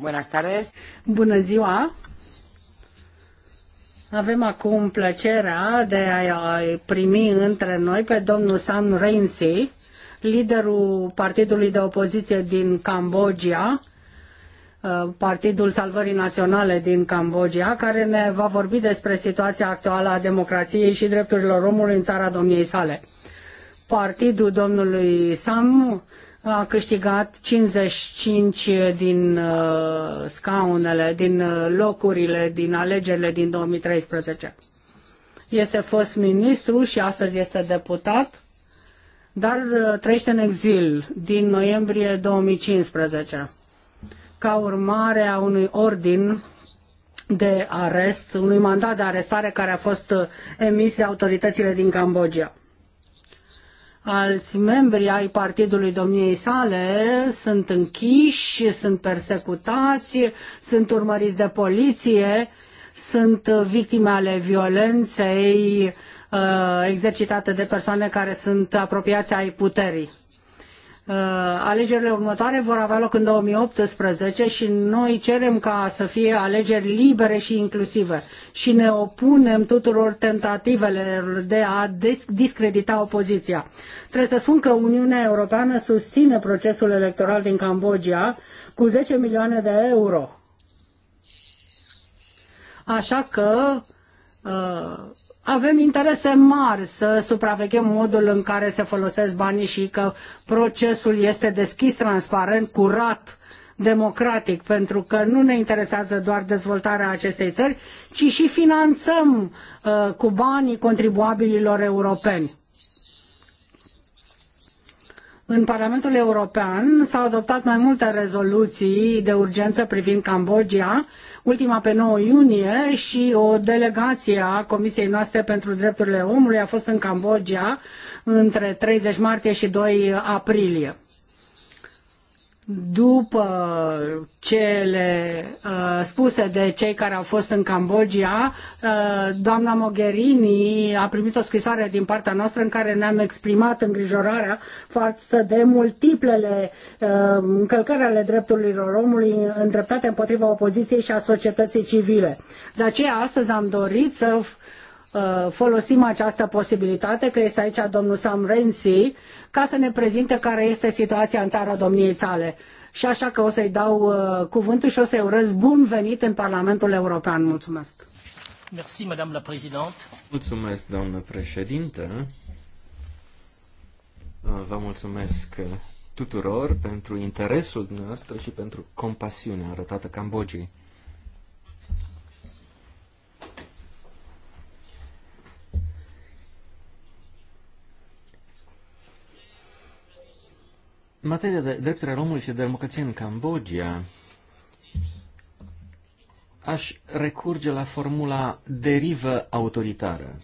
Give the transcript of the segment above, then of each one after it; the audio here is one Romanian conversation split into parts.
Buenas tardes. Bună ziua. Avem acum plăcerea de a primi între noi pe domnul Sam Rainsy, liderul partidului de opoziție din Cambodgia, uh, Partidul Salvării Naționale din Cambodgia, care ne va vorbi despre situația actuală a democrației și drepturilor omului în țara domniei sale. Partidul domnului Sam a câștigat 55 din uh, scaunele, din uh, locurile, din alegerile din 2013. Este fost ministru și astăzi este deputat, dar uh, trăiește în exil din noiembrie 2015, ca urmare a unui ordin de arest, unui mandat de arestare care a fost uh, emis de autoritățile din Cambodgia alți membri ai partidului domniei sale sunt închiși, sunt persecutați, sunt urmăriți de poliție, sunt victime ale violenței uh, exercitate de persoane care sunt apropiați ai puterii. Uh, alegerile următoare vor avea loc în 2018 și noi cerem ca să fie alegeri libere și inclusive și ne opunem tuturor tentativelor de a discredita opoziția. Trebuie să spun că Uniunea Europeană susține procesul electoral din Cambodgia cu 10 milioane de euro. Așa că uh, avem interese mari să supraveghem modul în care se folosesc banii și că procesul este deschis, transparent, curat, democratic, pentru că nu ne interesează doar dezvoltarea acestei țări, ci și finanțăm uh, cu banii contribuabililor europeni. În Parlamentul European s-au adoptat mai multe rezoluții de urgență privind Cambodgia, ultima pe 9 iunie și o delegație a Comisiei noastre pentru drepturile omului a fost în Cambodgia între 30 martie și 2 aprilie după cele uh, spuse de cei care au fost în Cambodgia, uh, doamna Mogherini a primit o scrisoare din partea noastră în care ne-am exprimat îngrijorarea față de multiplele uh, încălcări ale drepturilor omului îndreptate împotriva opoziției și a societății civile. De aceea astăzi am dorit să uh, Uh, folosim această posibilitate, că este aici domnul Sam Renzi, ca să ne prezinte care este situația în țara domniei sale. Și așa că o să-i dau uh, cuvântul și o să-i urez bun venit în Parlamentul European. Mulțumesc! Merci, Madame la Présidente. Mulțumesc, doamnă președintă. Uh, vă mulțumesc tuturor pentru interesul dumneavoastră și pentru compasiunea arătată Cambodgiei. În materie de drepturile omului și de democrație în Cambodgia, aș recurge la formula derivă autoritară.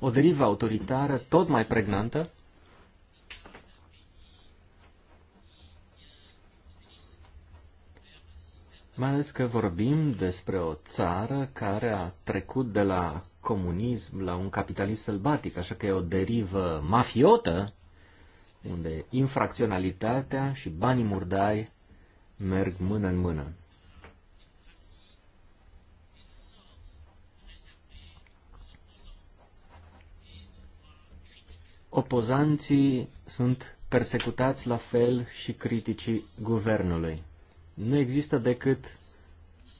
O derivă autoritară tot mai pregnantă, mai ales că vorbim despre o țară care a trecut de la comunism la un capitalism sălbatic, așa că e o derivă mafiotă unde infracționalitatea și banii murdari merg mână în mână. Opozanții sunt persecutați la fel și criticii guvernului. Nu există decât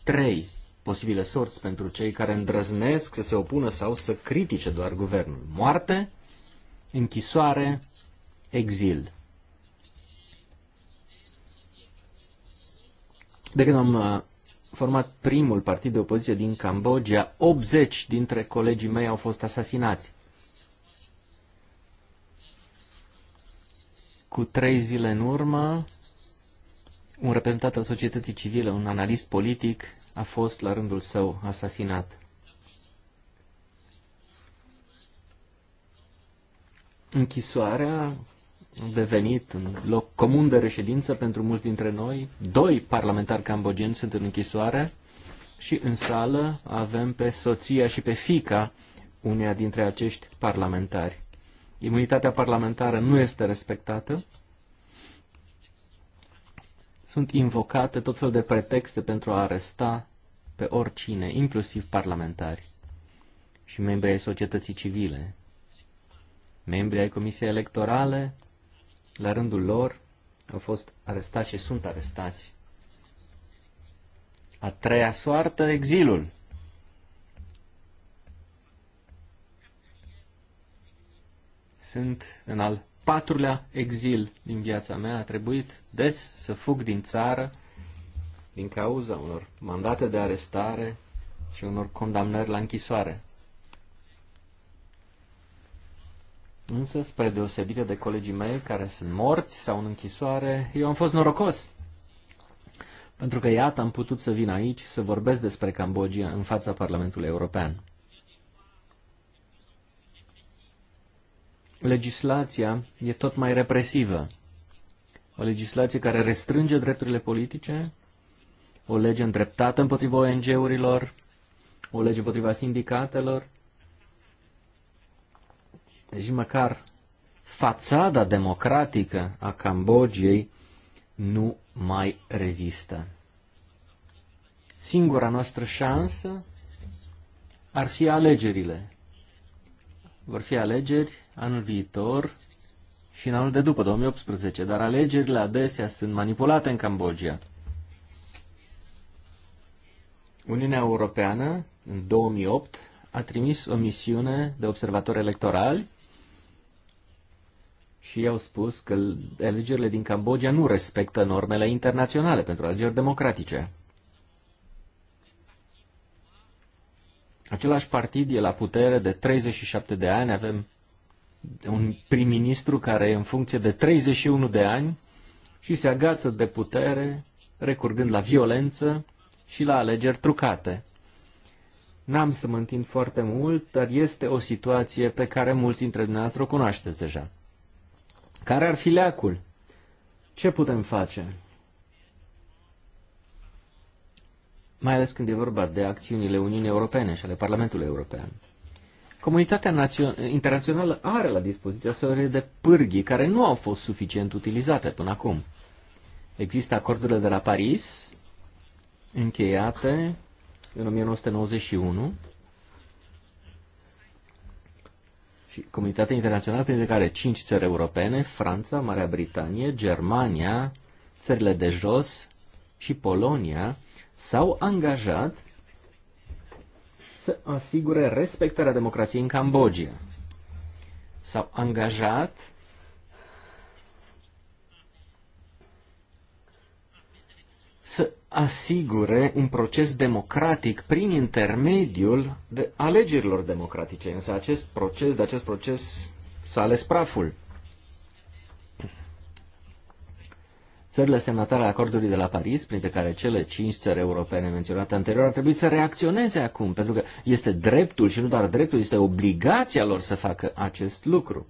trei posibile sorți pentru cei care îndrăznesc să se opună sau să critique doar guvernul. Moarte, închisoare exil. De când am uh, format primul partid de opoziție din Cambodgia, 80 dintre colegii mei au fost asasinați. Cu trei zile în urmă, un reprezentant al societății civile, un analist politic, a fost la rândul său asasinat. Închisoarea devenit un loc comun de reședință pentru mulți dintre noi. Doi parlamentari cambogeni sunt în închisoare și în sală avem pe soția și pe fica uneia dintre acești parlamentari. Imunitatea parlamentară nu este respectată. Sunt invocate tot felul de pretexte pentru a aresta pe oricine, inclusiv parlamentari și membri ai societății civile, membri ai comisiei electorale, la rândul lor, au fost arestați și sunt arestați. A treia soartă, exilul. Sunt în al patrulea exil din viața mea. A trebuit des să fug din țară din cauza unor mandate de arestare și unor condamnări la închisoare. Însă, spre deosebire de colegii mei care sunt morți sau în închisoare, eu am fost norocos. Pentru că, iată, am putut să vin aici să vorbesc despre Cambodgia în fața Parlamentului European. Legislația e tot mai represivă. O legislație care restrânge drepturile politice, o lege îndreptată împotriva ONG-urilor, o lege împotriva sindicatelor, deci măcar fațada democratică a Cambodgiei nu mai rezistă. Singura noastră șansă ar fi alegerile. Vor fi alegeri anul viitor și în anul de după, 2018, dar alegerile adesea sunt manipulate în Cambodgia. Uniunea Europeană, în 2008, a trimis o misiune de observatori electorali și i-au spus că alegerile din Cambodgia nu respectă normele internaționale pentru alegeri democratice. Același partid e la putere de 37 de ani, avem un prim-ministru care e în funcție de 31 de ani și se agață de putere, recurgând la violență și la alegeri trucate. N-am să mă întind foarte mult, dar este o situație pe care mulți dintre dumneavoastră o cunoașteți deja. Care ar fi leacul? Ce putem face? Mai ales când e vorba de acțiunile Uniunii Europene și ale Parlamentului European. Comunitatea internațională are la dispoziție o serie de pârghii care nu au fost suficient utilizate până acum. Există acordurile de la Paris, încheiate în 1991, și comunitatea internațională, printre care cinci țări europene, Franța, Marea Britanie, Germania, țările de jos și Polonia, s-au angajat să asigure respectarea democrației în Cambodgia. S-au angajat să asigure un proces democratic prin intermediul de alegerilor democratice. Însă acest proces, de acest proces s-a ales praful. Țările semnatare a acordului de la Paris, printre care cele cinci țări europene menționate anterior, ar trebui să reacționeze acum, pentru că este dreptul și nu doar dreptul, este obligația lor să facă acest lucru.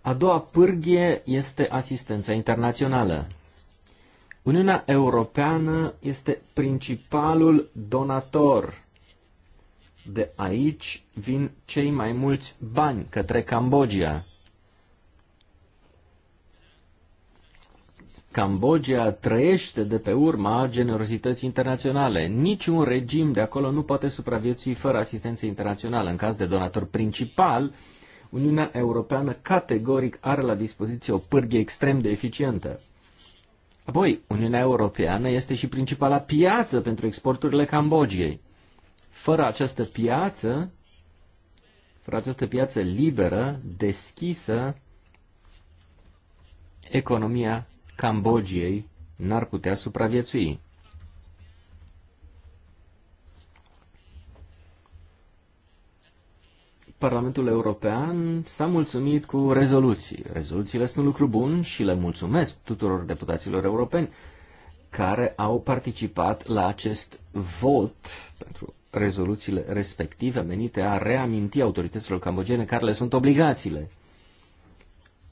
A doua pârghie este asistența internațională. Uniunea Europeană este principalul donator. De aici vin cei mai mulți bani către Cambodgia. Cambodgia trăiește de pe urma generozității internaționale. Niciun regim de acolo nu poate supraviețui fără asistență internațională. În caz de donator principal, Uniunea Europeană categoric are la dispoziție o pârghie extrem de eficientă. Apoi, Uniunea Europeană este și principala piață pentru exporturile Cambodgiei. Fără această piață, fără această piață liberă, deschisă, economia Cambodgiei n-ar putea supraviețui. Parlamentul European s-a mulțumit cu rezoluții. Rezoluțiile sunt un lucru bun și le mulțumesc tuturor deputaților europeni care au participat la acest vot pentru rezoluțiile respective menite a reaminti autorităților cambogene care le sunt obligațiile.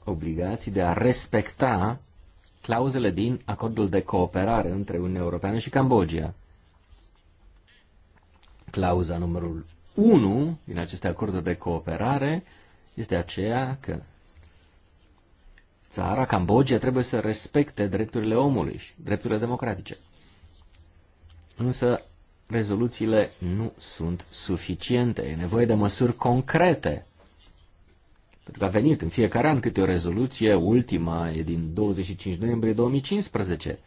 Obligații de a respecta clauzele din acordul de cooperare între Uniunea Europeană și Cambodgia. Clauza numărul unul din aceste acorduri de cooperare este aceea că țara, Cambodgia, trebuie să respecte drepturile omului și drepturile democratice. Însă rezoluțiile nu sunt suficiente. E nevoie de măsuri concrete. Pentru că a venit în fiecare an câte o rezoluție, ultima e din 25 noiembrie 2015.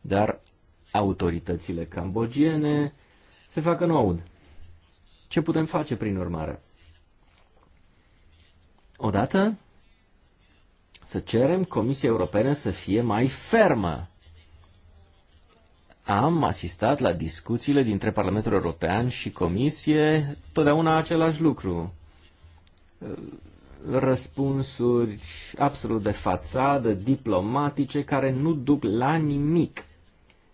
Dar autoritățile cambogiene se facă nu aud. Ce putem face prin urmare? Odată, să cerem Comisiei Europene să fie mai fermă. Am asistat la discuțiile dintre Parlamentul European și Comisie, totdeauna același lucru. Răspunsuri absolut de fațadă, diplomatice, care nu duc la nimic.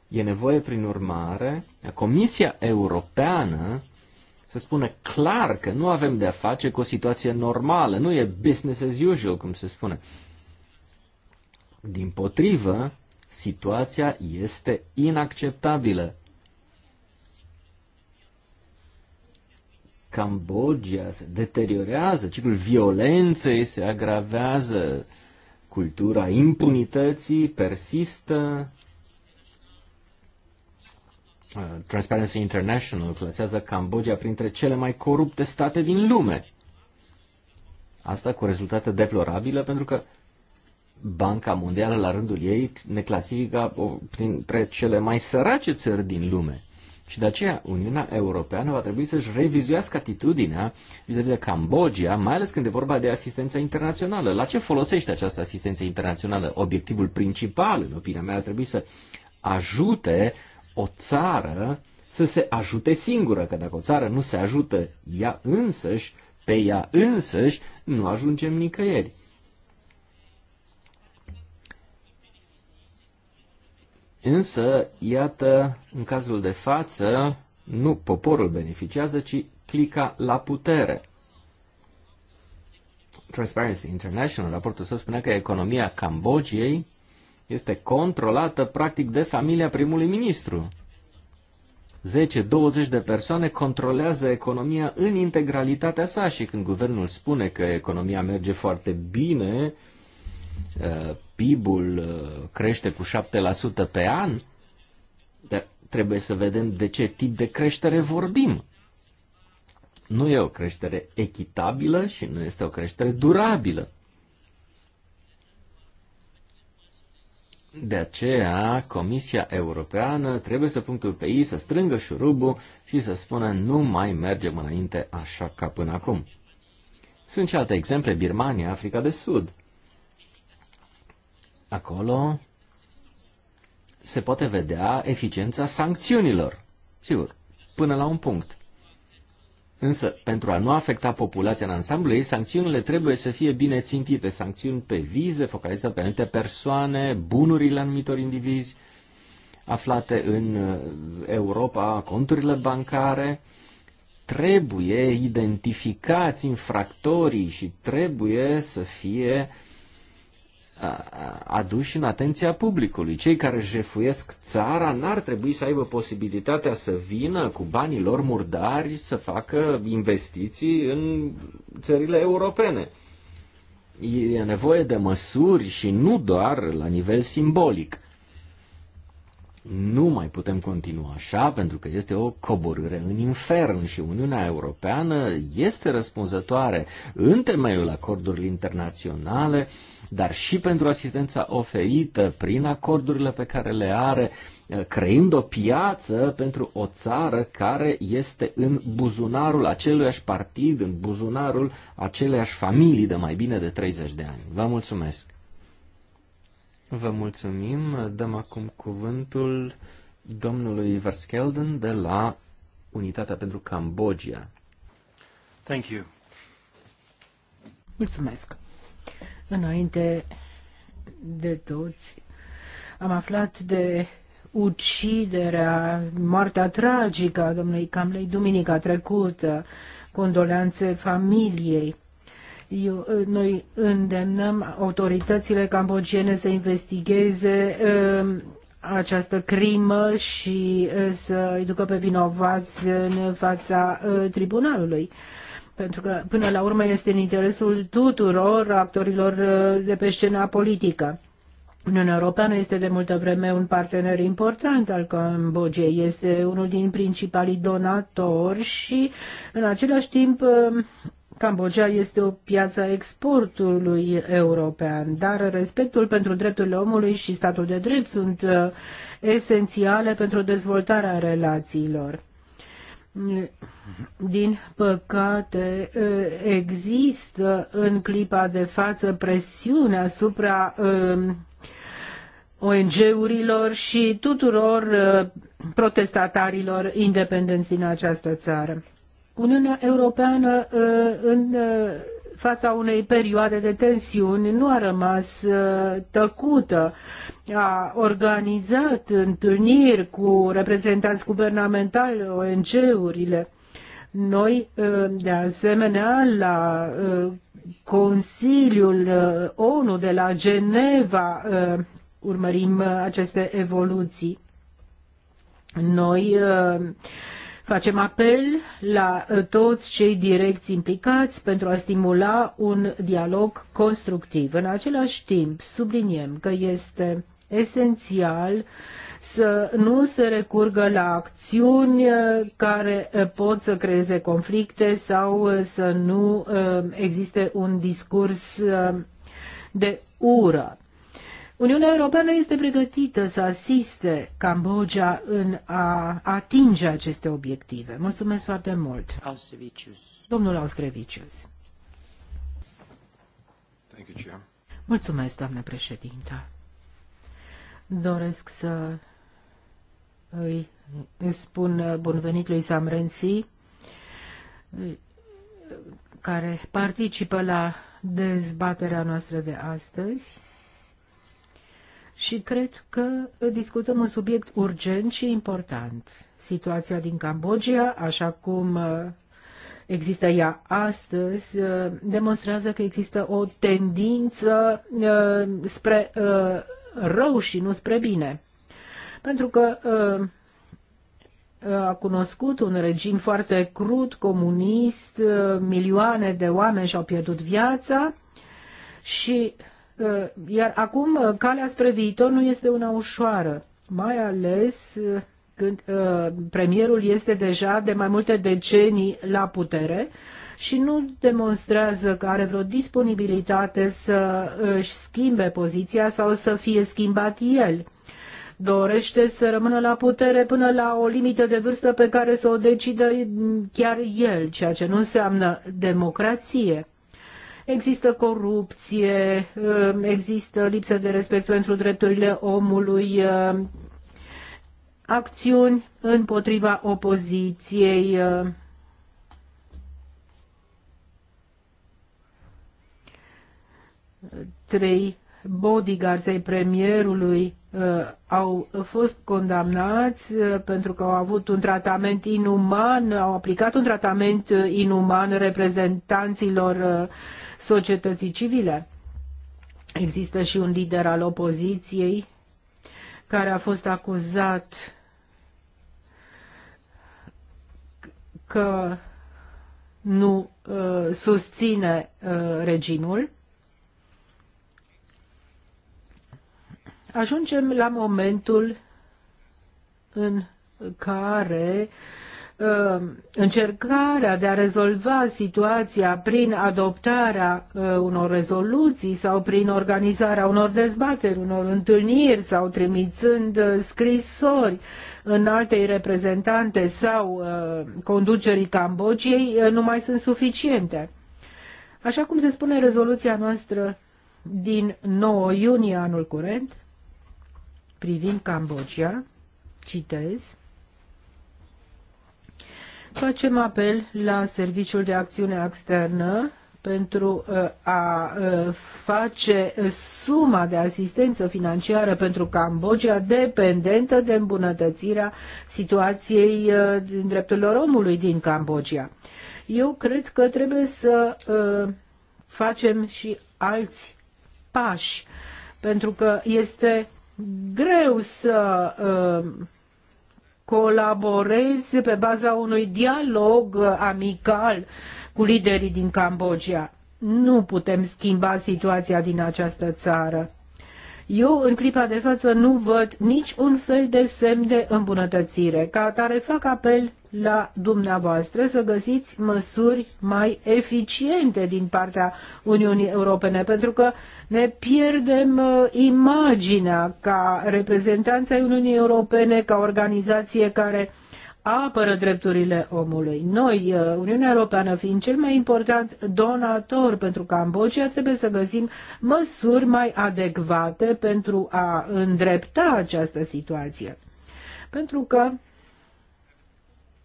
E nevoie, prin urmare, Comisia Europeană se spune clar că nu avem de-a face cu o situație normală, nu e business as usual, cum se spune. Din potrivă, situația este inacceptabilă. Cambodgia se deteriorează, ciclul violenței se agravează, cultura impunității persistă, Transparency International clasează Cambodgia printre cele mai corupte state din lume. Asta cu rezultate deplorabile pentru că Banca Mondială, la rândul ei, ne clasifică printre cele mai sărace țări din lume. Și de aceea Uniunea Europeană va trebui să-și revizuiască atitudinea vis-a-vis de Cambodgia, mai ales când e vorba de asistența internațională. La ce folosește această asistență internațională? Obiectivul principal, în opinia mea, ar trebui să ajute o țară să se ajute singură, că dacă o țară nu se ajută ea însăși, pe ea însăși, nu ajungem nicăieri. Însă, iată, în cazul de față, nu poporul beneficiază, ci clica la putere. Transparency International, raportul său spunea că economia Cambodgiei este controlată practic de familia primului ministru. 10-20 de persoane controlează economia în integralitatea sa și când guvernul spune că economia merge foarte bine, uh, PIB-ul uh, crește cu 7% pe an, dar trebuie să vedem de ce tip de creștere vorbim. Nu e o creștere echitabilă și nu este o creștere durabilă. De aceea, Comisia Europeană trebuie să punctul pe ei, să strângă șurubul și să spună nu mai mergem înainte așa ca până acum. Sunt și alte exemple, Birmania, Africa de Sud. Acolo se poate vedea eficiența sancțiunilor. Sigur, până la un punct. Însă, pentru a nu afecta populația în ansamblu ei, sancțiunile trebuie să fie bine țintite. Sancțiuni pe vize, focalizate pe anumite persoane, bunurile anumitor indivizi aflate în uh, Europa, conturile bancare. Trebuie identificați infractorii și trebuie să fie uh, aduși în atenția publicului. Cei care jefuiesc țara n-ar trebui să aibă posibilitatea să vină cu banii lor murdari să facă investiții în țările europene. E nevoie de măsuri și nu doar la nivel simbolic. Nu mai putem continua așa pentru că este o coborâre în infern și Uniunea Europeană este răspunzătoare în temeiul acordurilor internaționale, dar și pentru asistența oferită prin acordurile pe care le are, eh, creând o piață pentru o țară care este în buzunarul aceluiași partid, în buzunarul aceleiași familii de mai bine de 30 de ani. Vă mulțumesc! Vă mulțumim. Dăm acum cuvântul domnului Verskelden de la Unitatea pentru Cambodgia. Thank you. Mulțumesc. Înainte de toți, am aflat de uciderea, moartea tragică a domnului Camlei duminica trecută, condoleanțe familiei. Ă, noi îndemnăm autoritățile cambogiene să investigheze ă, această crimă și ă, să îi ducă pe vinovați în fața tribunalului. Pentru că, până la urmă, este în interesul tuturor actorilor de pe scena politică. Uniunea Europeană este de multă vreme un partener important al Cambodgiei, este unul din principalii donatori și în același timp Cambodgia este o piață a exportului european, dar respectul pentru drepturile omului și statul de drept sunt uh, esențiale pentru dezvoltarea relațiilor. Din păcate, uh, există în clipa de față presiune asupra um, ONG-urilor și tuturor uh, protestatarilor independenți din această țară. Uniunea Europeană ă, în ă, fața unei perioade de tensiuni nu a rămas ă, tăcută. A organizat întâlniri cu reprezentanți guvernamentali, ONG-urile. Noi, de asemenea, la Consiliul ONU de la Geneva urmărim aceste evoluții. Noi Facem apel la uh, toți cei direcți implicați pentru a stimula un dialog constructiv. În același timp, subliniem că este esențial să nu se recurgă la acțiuni uh, care uh, pot să creeze conflicte sau să nu existe un discurs de ură. Uniunea Europeană este pregătită să asiste Cambodgia în a atinge aceste obiective. Mulțumesc foarte mult. Austrevicius. Domnul Austrevicius. Thank you, Mulțumesc, doamnă președintă. Doresc să îi spun bun venit lui Sam Rensi, care participă la dezbaterea noastră de astăzi și cred că discutăm un subiect urgent și important. Situația din Cambodgia, așa cum uh, există ea astăzi, uh, demonstrează că există o tendință uh, spre rău și nu spre bine. Pentru că a cunoscut un regim foarte crud, comunist, milioane de oameni și-au pierdut viața și Eh, iar acum, eh, calea spre viitor nu este una ușoară, mai ales eh, când premierul este deja de mai multe decenii la putere și nu demonstrează că are vreo disponibilitate să își schimbe poziția sau să fie schimbat el dorește să rămână la putere până la o limită de vârstă pe care să o decidă mm, chiar el, ceea ce nu înseamnă democrație. Există corupție, um, există lipsă de respect pentru drepturile omului, um, acțiuni împotriva opoziției. Um. Trei bodyguards ai premierului Uh, au fost condamnați uh, pentru că au avut un tratament inuman, au aplicat un tratament uh, inuman reprezentanților societății civile. Există și un lider al opoziției care a fost acuzat că nu uh, susține uh, regimul ajungem la momentul în care uh, încercarea de a rezolva situația prin adoptarea uh, unor rezoluții sau prin organizarea unor dezbateri, unor întâlniri sau trimițând uh, scrisori în altei reprezentante sau uh, conducerii Cambodgiei uh, nu mai sunt suficiente. Așa cum se spune rezoluția noastră din 9 iunie anul curent, privind Cambodgia, citez, facem apel la Serviciul de Acțiune Externă pentru uh, a uh, face suma de asistență financiară pentru Cambodgia dependentă de îmbunătățirea situației uh, drepturilor omului din Cambodgia. Eu cred că trebuie să facem și alți pași, pentru că este greu să uh, colaborez pe baza unui dialog uh, amical cu liderii din Cambodgia. Nu putem schimba situația din această țară. Eu, în clipa de față, nu văd nici un fel de semn de îmbunătățire. Ca atare fac apel la dumneavoastră să găsiți măsuri mai eficiente din partea Uniunii Europene, pentru că ne pierdem uh, imaginea ca reprezentanța Uniunii Europene, ca organizație care apără drepturile omului. Noi, uh, Uniunea Europeană fiind cel mai important donator pentru Cambodgia, trebuie să găsim măsuri mai adecvate pentru a îndrepta această situație. Pentru că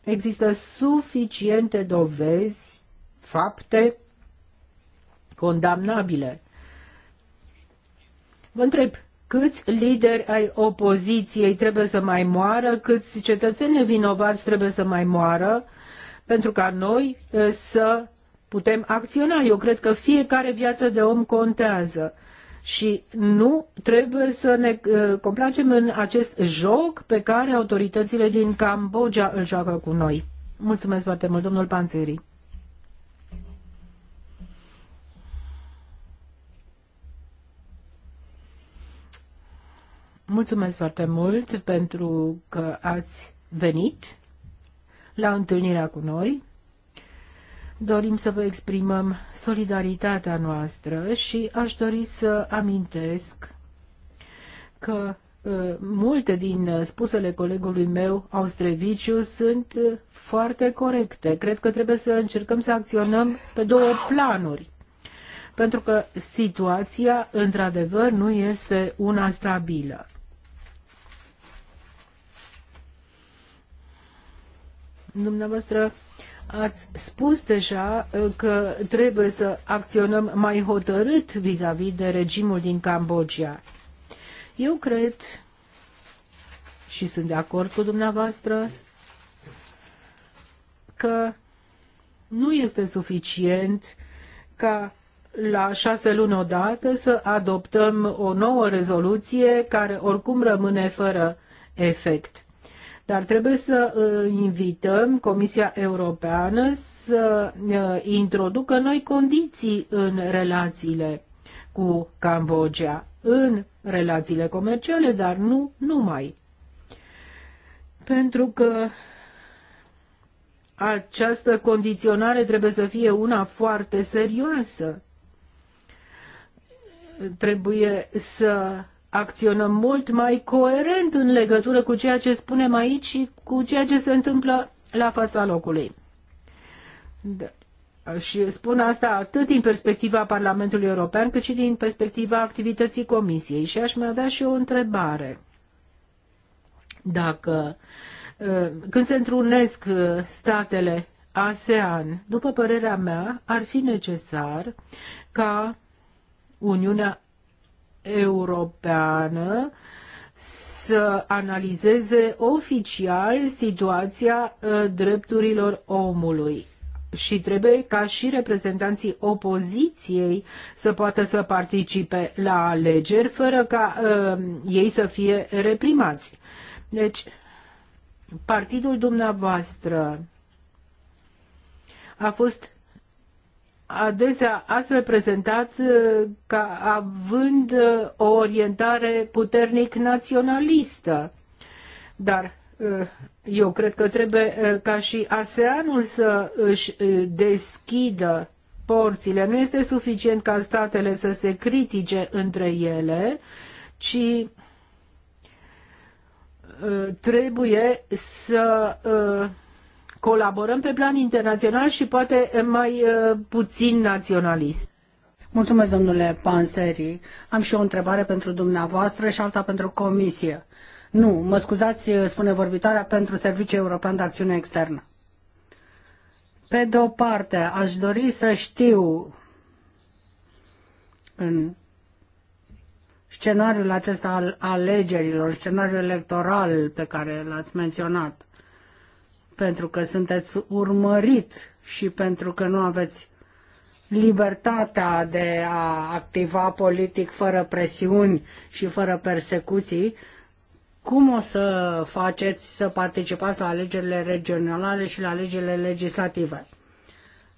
Există suficiente dovezi, fapte condamnabile. Vă întreb, câți lideri ai opoziției trebuie să mai moară, câți cetățeni nevinovați trebuie să mai moară, pentru ca noi eh, să putem acționa. Eu cred că fiecare viață de om contează și nu trebuie să ne uh, complacem în acest joc pe care autoritățile din Cambodgia îl joacă cu noi. Mulțumesc foarte mult, domnul Panțeri. Mulțumesc foarte mult pentru că ați venit la întâlnirea cu noi dorim să vă exprimăm solidaritatea noastră și aș dori să amintesc că uh, multe din uh, spusele colegului meu, Austreviciu, sunt uh, foarte corecte. Cred că trebuie să încercăm să acționăm pe două planuri. Pentru că situația, într-adevăr, nu este una stabilă. Dumneavoastră Ați spus deja uh, că trebuie să acționăm mai hotărât vis-a-vis -vis de regimul din Cambodgia. Eu cred și sunt de acord cu dumneavoastră că nu este suficient ca la șase luni odată să adoptăm o nouă rezoluție care oricum rămâne fără efect. Dar trebuie să uh, invităm Comisia Europeană să uh, introducă noi condiții în relațiile cu Cambodgia, în relațiile comerciale, dar nu numai. Pentru că această condiționare trebuie să fie una foarte serioasă. Trebuie să acționăm mult mai coerent în legătură cu ceea ce spunem aici și cu ceea ce se întâmplă la fața locului. Da. Și spun asta atât din perspectiva Parlamentului European, cât și din perspectiva activității Comisiei. Și aș mai avea și o întrebare. Dacă uh, când se întrunesc uh, statele ASEAN, după părerea mea, ar fi necesar ca Uniunea Europeană să analizeze oficial situația ă, drepturilor omului și trebuie ca și reprezentanții opoziției să poată să participe la alegeri fără ca uh, ei să fie reprimați. Deci, partidul dumneavoastră a fost adesea astfel prezentat uh, ca având uh, o orientare puternic naționalistă. Dar uh, eu cred că trebuie ca și ASEANul să își deschidă porțile. Nu este suficient ca statele să se critique între ele, ci trebuie să colaborăm pe plan internațional și poate mai uh, puțin naționalist. Mulțumesc, domnule Panseri. Am și o întrebare pentru dumneavoastră și alta pentru comisie. Nu, mă scuzați, spune vorbitoarea, pentru Serviciul European de Acțiune Externă. Pe de o parte, aș dori să știu în scenariul acesta al alegerilor, scenariul electoral pe care l-ați menționat, pentru că sunteți urmărit și pentru că nu aveți libertatea de a activa politic fără presiuni și fără persecuții, cum o să faceți să participați la alegerile regionale și la alegerile legislative?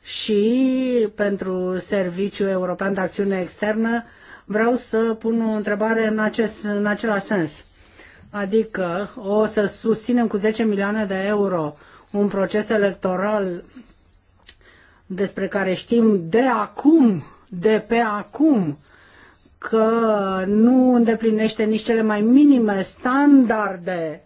Și pentru Serviciul European de Acțiune Externă vreau să pun o întrebare în, acest, în același sens. Adică o să susținem cu 10 milioane de euro un proces electoral despre care știm de acum, de pe acum, că nu îndeplinește nici cele mai minime standarde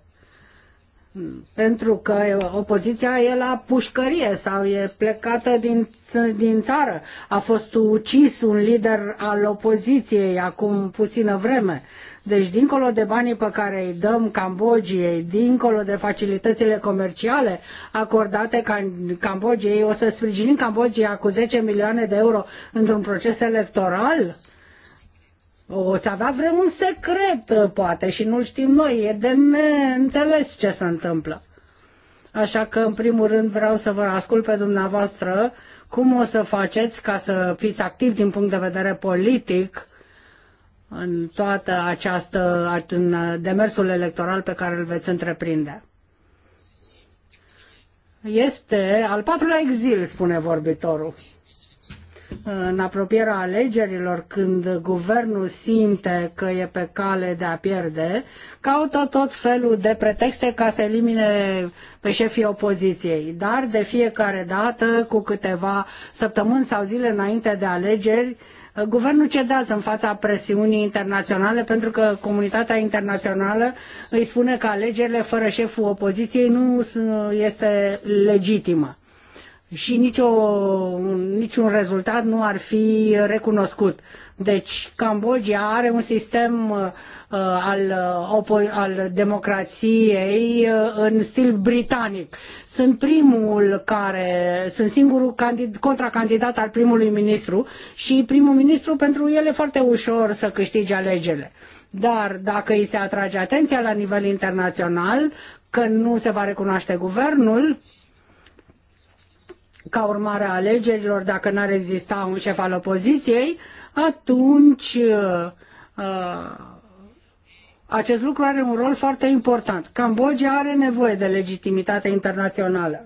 pentru că opoziția e la pușcărie sau e plecată din, din țară. A fost ucis un lider al opoziției acum puțină vreme. Deci, dincolo de banii pe care îi dăm Cambogiei, dincolo de facilitățile comerciale acordate Cambogiei, o să sprijinim Cambogia cu 10 milioane de euro într-un proces electoral? O să avea vreun secret, poate, și nu știm noi. E de neînțeles ce se întâmplă. Așa că, în primul rând, vreau să vă ascult pe dumneavoastră cum o să faceți ca să fiți activ din punct de vedere politic în toată această, în demersul electoral pe care îl veți întreprinde. Este al patrulea exil, spune vorbitorul în apropierea alegerilor, când guvernul simte că e pe cale de a pierde, caută tot felul de pretexte ca să elimine pe șefii opoziției. Dar de fiecare dată, cu câteva săptămâni sau zile înainte de alegeri, guvernul cedează în fața presiunii internaționale pentru că comunitatea internațională îi spune că alegerile fără șeful opoziției nu este legitimă și nicio, niciun rezultat nu ar fi recunoscut. Deci Cambodgia are un sistem uh, al, uh, opo- al democrației uh, în stil britanic. Sunt primul care, sunt singurul candid, contracandidat al primului ministru și primul ministru pentru el e foarte ușor să câștige alegerile. Dar dacă îi se atrage atenția la nivel internațional că nu se va recunoaște guvernul, ca urmare a alegerilor, dacă n-ar exista un șef al opoziției, atunci uh, uh, acest lucru are un rol foarte important. Cambodgia are nevoie de legitimitate internațională.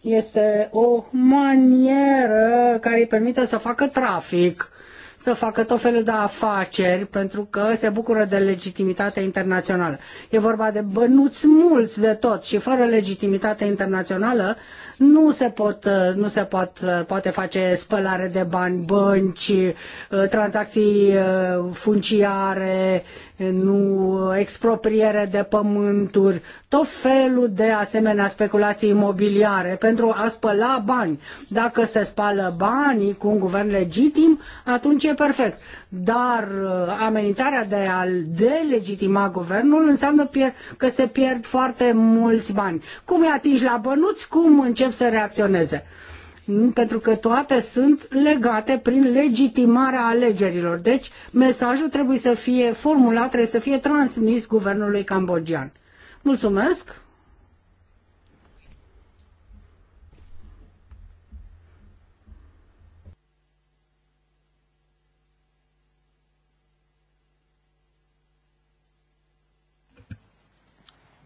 Este o manieră care îi permite să facă trafic, să facă tot felul de afaceri, pentru că se bucură de legitimitate internațională. E vorba de bănuți mulți de tot și fără legitimitate internațională nu se, pot, uh, nu se pot, uh, poate face spălare de bani, bănci, uh, tranzacții funciare, nu expropriere de pământuri, tot felul de asemenea speculații imobiliare pentru a spăla bani. Dacă se spală banii cu un guvern legitim, atunci e perfect. Dar amenințarea de a delegitima guvernul înseamnă că se pierd foarte mulți bani. Cum îi atingi la bănuți, cum începi încep să reacționeze. Pentru că toate sunt legate prin legitimarea alegerilor. Deci, mesajul trebuie să fie formulat, trebuie să fie transmis guvernului cambogian. Mulțumesc!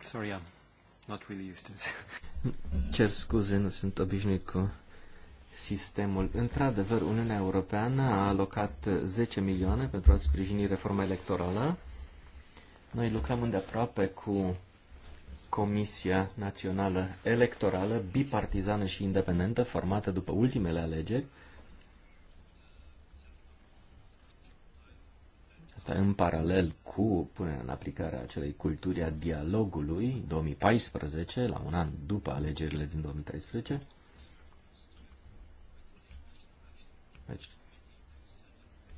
Sorry, I'm not really used to this. Cer scuze, nu sunt obișnuit cu sistemul. Într-adevăr, Uniunea Europeană a alocat 10 milioane pentru a sprijini reforma electorală. Noi lucrăm îndeaproape cu Comisia Națională Electorală, bipartizană și independentă, formată după ultimele alegeri, Asta în paralel cu punerea în aplicare a acelei culturi a dialogului 2014, la un an după alegerile din 2013. Deci,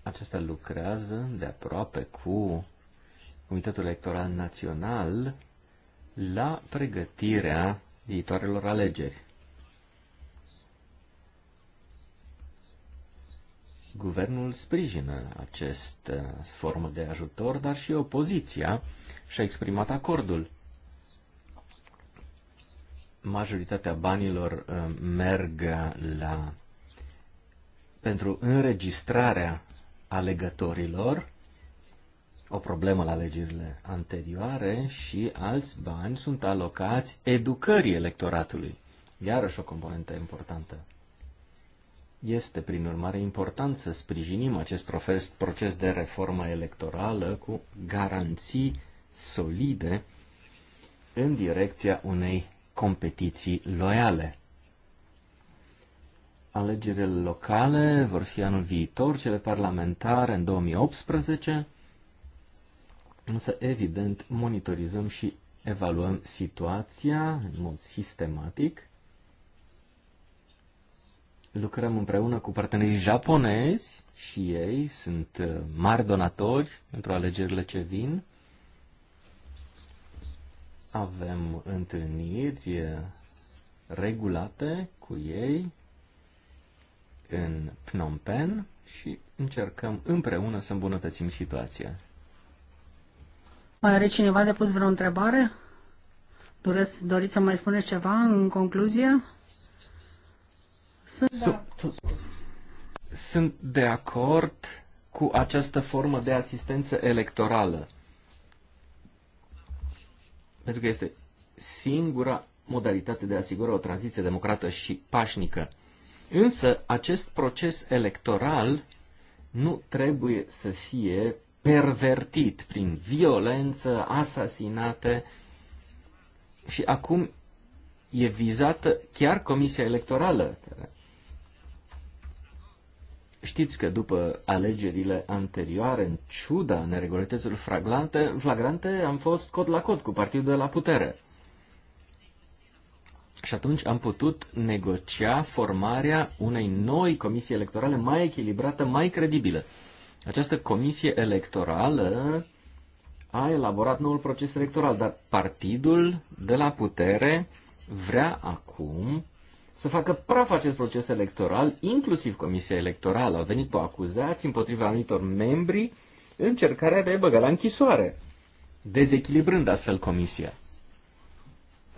acesta lucrează de aproape cu Comitetul Electoral Național la pregătirea viitoarelor alegeri. Guvernul sprijină acest uh, formă de ajutor, dar și opoziția și-a exprimat acordul. Majoritatea banilor uh, merg la pentru înregistrarea alegătorilor, o problemă la alegerile anterioare, și alți bani sunt alocați educării electoratului. Iarăși o componentă importantă. Este, prin urmare, important să sprijinim acest proces de reformă electorală cu garanții solide în direcția unei competiții loiale. Alegerile locale vor fi anul viitor, cele parlamentare în 2018, însă evident monitorizăm și evaluăm situația în mod sistematic lucrăm împreună cu partenerii japonezi și ei sunt uh, mari donatori pentru alegerile ce vin. Avem întâlniri uh, regulate cu ei în Phnom Penh și încercăm împreună să îmbunătățim situația. Mai are cineva de pus vreo întrebare? Doresc, doriți să mai spuneți ceva în concluzie? Sunt, sunt de acord cu această formă de asistență electorală. Pentru că este singura modalitate de a asigura o tranziție democrată și pașnică. Însă, acest proces electoral nu trebuie să fie pervertit prin violență, asasinate și acum e vizată chiar Comisia Electorală, care Știți că după alegerile anterioare, în ciuda neregulităților flagrante, flagrante, am fost cod la cod cu partidul de la putere. Și atunci am putut negocia formarea unei noi comisii electorale mai echilibrată, mai credibilă. Această comisie electorală a elaborat noul proces electoral, dar partidul de la putere vrea acum să facă praf acest proces electoral, inclusiv Comisia Electorală a venit cu acuzați împotriva anumitor membri încercarea de a băga la închisoare, dezechilibrând astfel Comisia.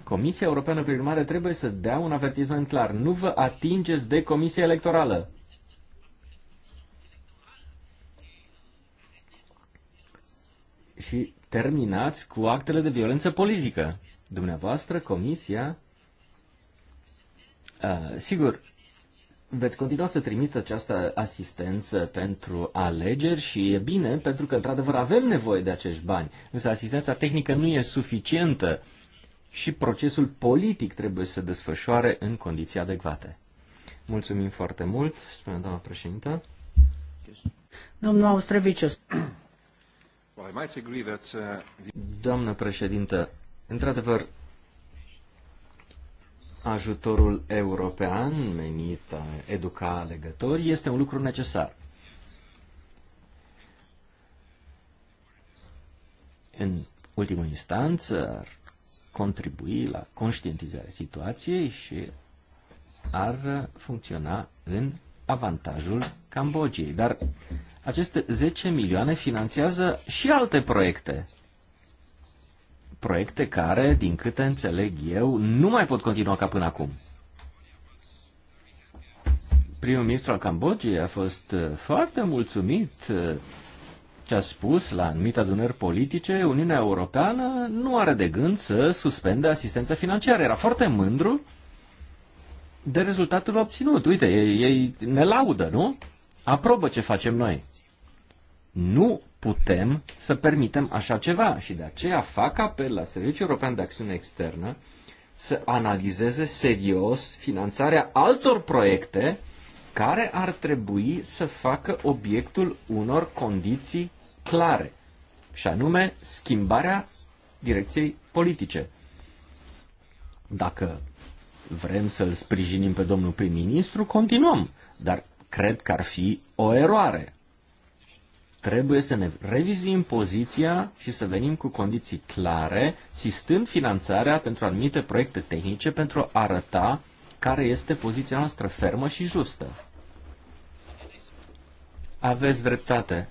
Comisia Europeană, prin urmare, trebuie să dea un avertisment clar. Nu vă atingeți de Comisia Electorală. Și terminați cu actele de violență politică. Dumneavoastră, Comisia, Uh, sigur, veți continua să trimiți această asistență pentru alegeri și e bine, pentru că, într-adevăr, avem nevoie de acești bani. Însă asistența tehnică nu e suficientă și procesul politic trebuie să desfășoare în condiții adecvate. Mulțumim foarte mult, spune doamna președintă. Domnul Austrevicius. Uh, Doamnă președintă, într-adevăr, ajutorul european menit a educa legători este un lucru necesar. În ultimă instanță ar contribui la conștientizarea situației și ar funcționa în avantajul Cambodgiei. Dar aceste 10 milioane finanțează și alte proiecte proiecte care, din câte înțeleg eu, nu mai pot continua ca până acum. Primul ministru al Cambodgiei a fost uh, foarte mulțumit uh, ce a spus la anumite adunări politice, Uniunea Europeană nu are de gând să suspende asistența financiară. Era foarte mândru de rezultatul obținut. Uite, ei, ei ne laudă, nu? Aprobă ce facem noi. Nu putem să permitem așa ceva și de aceea fac apel la Serviciul European de Acțiune Externă să analizeze serios finanțarea altor proiecte care ar trebui să facă obiectul unor condiții clare, și anume schimbarea direcției politice. Dacă vrem să-l sprijinim pe domnul prim-ministru, continuăm, dar cred că ar fi o eroare Trebuie să ne revizuim poziția și să venim cu condiții clare, sistând finanțarea pentru anumite proiecte tehnice pentru a arăta care este poziția noastră fermă și justă. Aveți dreptate.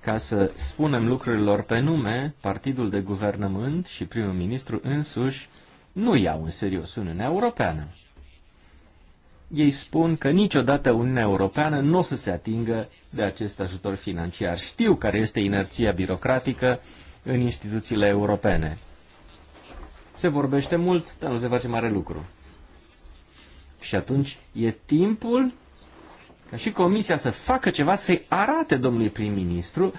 Ca să spunem lucrurilor pe nume, partidul de guvernământ și primul ministru însuși nu iau în serios Uniunea Europeană ei spun că niciodată Uniunea Europeană nu o să se atingă de acest ajutor financiar. Știu care este inerția birocratică în instituțiile europene. Se vorbește mult, dar nu se face mare lucru. Și atunci e timpul ca și Comisia să facă ceva, să-i arate domnului prim-ministru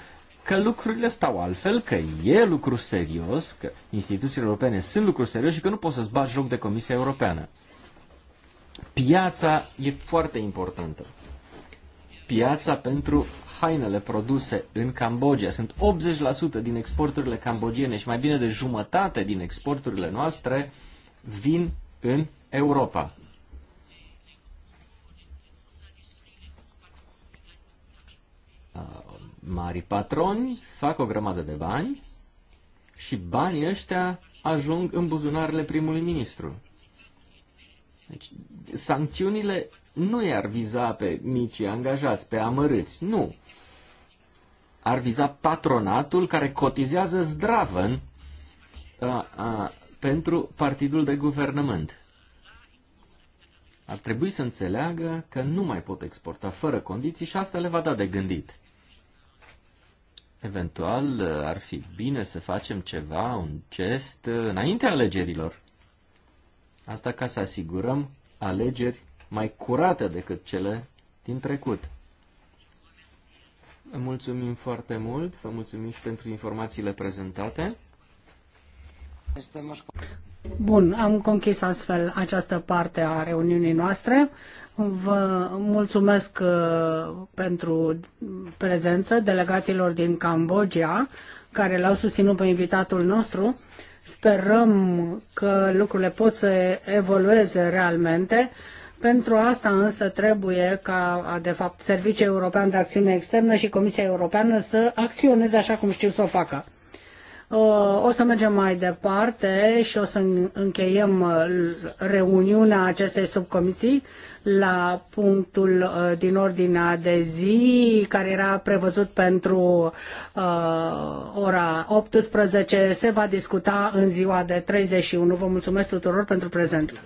că lucrurile stau altfel, că e lucru serios, că instituțiile europene sunt lucruri serios și că nu poți să-ți bagi joc de Comisia Europeană. Piața e foarte importantă. Piața pentru hainele produse în Cambodgia. Sunt 80% din exporturile cambodgiene și mai bine de jumătate din exporturile noastre vin în Europa. Uh, Mari patroni fac o grămadă de bani și banii ăștia ajung în buzunarele primului ministru. Deci sancțiunile nu i-ar viza pe micii angajați, pe amărâți, nu. Ar viza patronatul care cotizează zdravăn a, a, pentru partidul de guvernământ. Ar trebui să înțeleagă că nu mai pot exporta fără condiții și asta le va da de gândit. Eventual ar fi bine să facem ceva, un gest, înaintea alegerilor. Asta ca să asigurăm alegeri mai curate decât cele din trecut. Vă mulțumim foarte mult, vă mulțumim și pentru informațiile prezentate. Bun, am conchis astfel această parte a reuniunii noastre. Vă mulțumesc uh, pentru prezență delegațiilor din Cambodgia care l-au susținut pe invitatul nostru Sperăm că lucrurile pot să evolueze realmente. Pentru asta însă trebuie ca, de fapt, Serviciul European de Acțiune Externă și Comisia Europeană să acționeze așa cum știu să o facă. Uh, o să mergem mai departe și o să încheiem uh, reuniunea acestei subcomisii la punctul uh, din ordinea de zi care era prevăzut pentru ora 18. Se va discuta în ziua de 31. Vă mulțumesc tuturor pentru prezent.